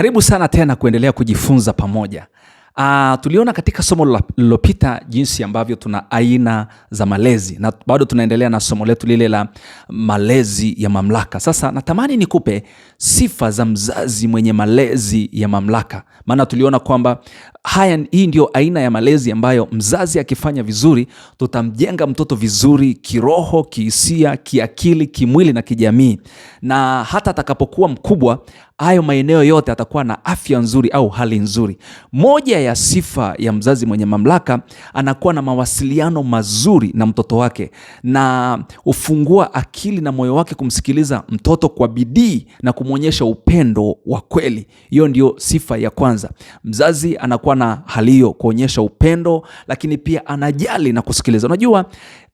Karibu sana tena kuendelea kujifunza pamoja. Uh, tuliona katika somo lililopita jinsi ambavyo tuna aina za malezi na bado tunaendelea na somo letu lile la malezi ya mamlaka. Sasa natamani nikupe sifa za mzazi mwenye malezi ya mamlaka, maana tuliona kwamba haya, hii ndio aina ya malezi ambayo mzazi akifanya vizuri, tutamjenga mtoto vizuri kiroho, kihisia, kiakili, kimwili na kijamii, na hata atakapokuwa mkubwa hayo maeneo yote atakuwa na afya nzuri au hali nzuri. Moja ya sifa ya mzazi mwenye mamlaka, anakuwa na mawasiliano mazuri na mtoto wake na hufungua akili na moyo wake kumsikiliza mtoto kwa bidii na kumwonyesha upendo wa kweli. Hiyo ndio sifa ya kwanza. Mzazi anakuwa na hali hiyo, kuonyesha upendo, lakini pia anajali na kusikiliza. Unajua,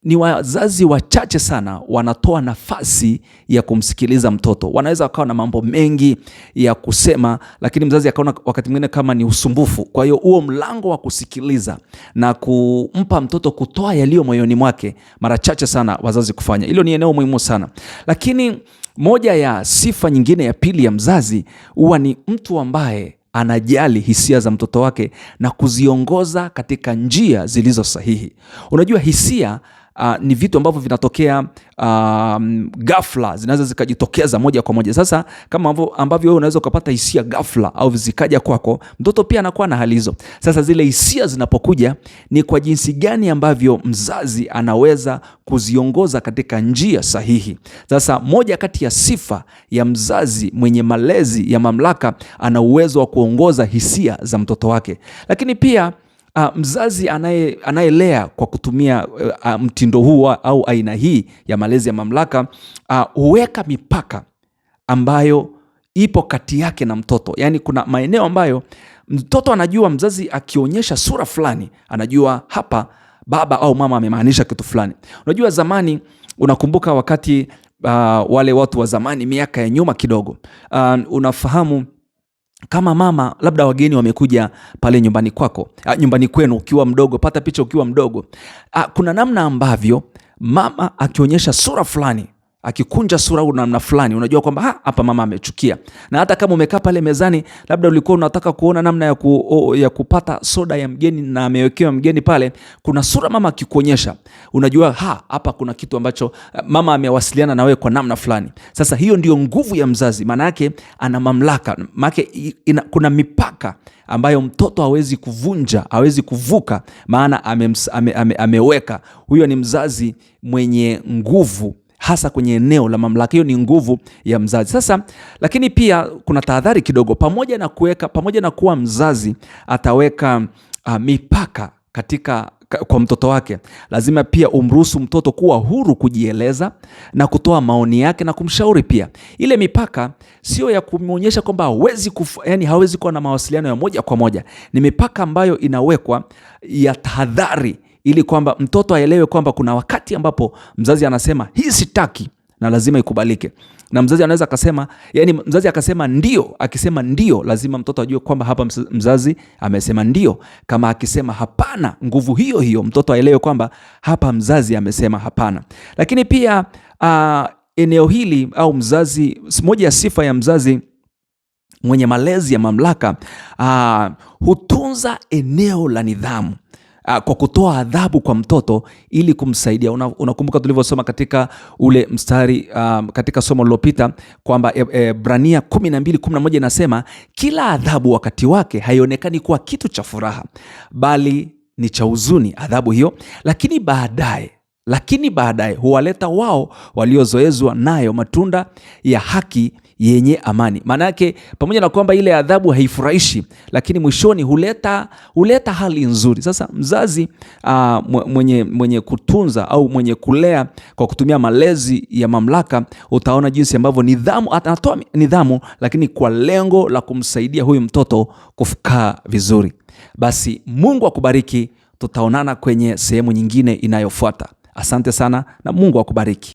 ni wazazi wachache sana wanatoa nafasi ya kumsikiliza mtoto. Wanaweza wakawa na mambo mengi ya kusema, lakini mzazi akaona wakati mwingine kama ni usumbufu. Kwa hiyo huo mlango wa kusikiliza na kumpa mtoto kutoa yaliyo moyoni mwake, mara chache sana wazazi kufanya hilo. Ni eneo muhimu sana, lakini moja ya sifa nyingine ya pili ya mzazi huwa ni mtu ambaye anajali hisia za mtoto wake na kuziongoza katika njia zilizo sahihi. Unajua hisia uh, ni vitu ambavyo vinatokea uh, ghafla, zinaweza zikajitokeza moja kwa moja. Sasa kama ambavyo wewe unaweza ukapata hisia ghafla au zikaja kwako, mtoto pia anakuwa na hali hizo. Sasa zile hisia zinapokuja, ni kwa jinsi gani ambavyo mzazi anaweza kuziongoza katika njia sahihi. Sasa moja kati ya sifa ya mzazi mwenye malezi ya mamlaka, ana uwezo wa kuongoza hisia za mtoto wake, lakini pia uh, mzazi anaye, anayelea kwa kutumia uh, mtindo huu au aina hii ya malezi ya mamlaka ah, huweka uh, mipaka ambayo ipo kati yake na mtoto. Yaani kuna maeneo ambayo mtoto anajua mzazi akionyesha sura fulani anajua hapa baba au mama amemaanisha kitu fulani. Unajua zamani, unakumbuka wakati uh, wale watu wa zamani miaka ya nyuma kidogo, uh, unafahamu kama mama, labda wageni wamekuja pale nyumbani kwako, ah, nyumbani kwenu ukiwa mdogo, pata picha ukiwa mdogo. Ah, kuna namna ambavyo mama akionyesha sura fulani akikunja sura au namna fulani, unajua kwamba hapa mama amechukia. Na hata kama umekaa pale mezani, labda ulikuwa unataka kuona namna ya, ku, o, ya kupata soda ya mgeni na amewekewa mgeni pale, kuna sura mama akikuonyesha, unajua ha, hapa kuna kitu ambacho eh, mama amewasiliana na wewe kwa namna fulani. Sasa hiyo ndiyo nguvu ya mzazi, maana yake ana mamlaka, maana yake kuna mipaka ambayo mtoto hawezi kuvunja, hawezi kuvuka, maana ame, ame, ame, ameweka. Huyo ni mzazi mwenye nguvu hasa kwenye eneo la mamlaka. Hiyo ni nguvu ya mzazi. Sasa lakini pia kuna tahadhari kidogo, pamoja na kuweka, pamoja na kuwa mzazi ataweka uh, mipaka katika kwa mtoto wake, lazima pia umruhusu mtoto kuwa huru kujieleza na kutoa maoni yake na kumshauri pia. Ile mipaka sio ya kumwonyesha kwamba hawezi kufu, yani hawezi kuwa na mawasiliano ya moja kwa moja, ni mipaka ambayo inawekwa ya tahadhari ili kwamba mtoto aelewe kwamba kuna wakati ambapo mzazi anasema hii sitaki na lazima ikubalike, na mzazi anaweza akasema, yani mzazi akasema ndio. Akisema ndio, lazima mtoto ajue kwamba hapa mzazi amesema ndio. Kama akisema hapana, nguvu hiyo hiyo mtoto aelewe kwamba hapa mzazi amesema hapana. Lakini pia uh, eneo hili au mzazi, moja ya sifa ya mzazi mwenye malezi ya mamlaka uh, hutunza eneo la nidhamu uh, kwa kutoa adhabu kwa mtoto ili kumsaidia. Unakumbuka una tulivyosoma katika ule mstari um, katika somo lilopita kwamba e, e, 12:11 inasema kila adhabu wakati wake haionekani kuwa kitu cha furaha, bali ni cha huzuni adhabu hiyo, lakini baadaye lakini baadaye huwaleta wao waliozoezwa nayo matunda ya haki yenye amani. Maanake pamoja na kwamba ile adhabu haifurahishi, lakini mwishoni huleta, huleta hali nzuri. Sasa mzazi uh, mwenye, mwenye kutunza au mwenye kulea kwa kutumia malezi ya mamlaka, utaona jinsi ambavyo nidhamu, anatoa nidhamu, lakini kwa lengo la kumsaidia huyu mtoto kukaa vizuri. Basi Mungu akubariki. Tutaonana kwenye sehemu nyingine inayofuata. Asante sana na Mungu akubariki.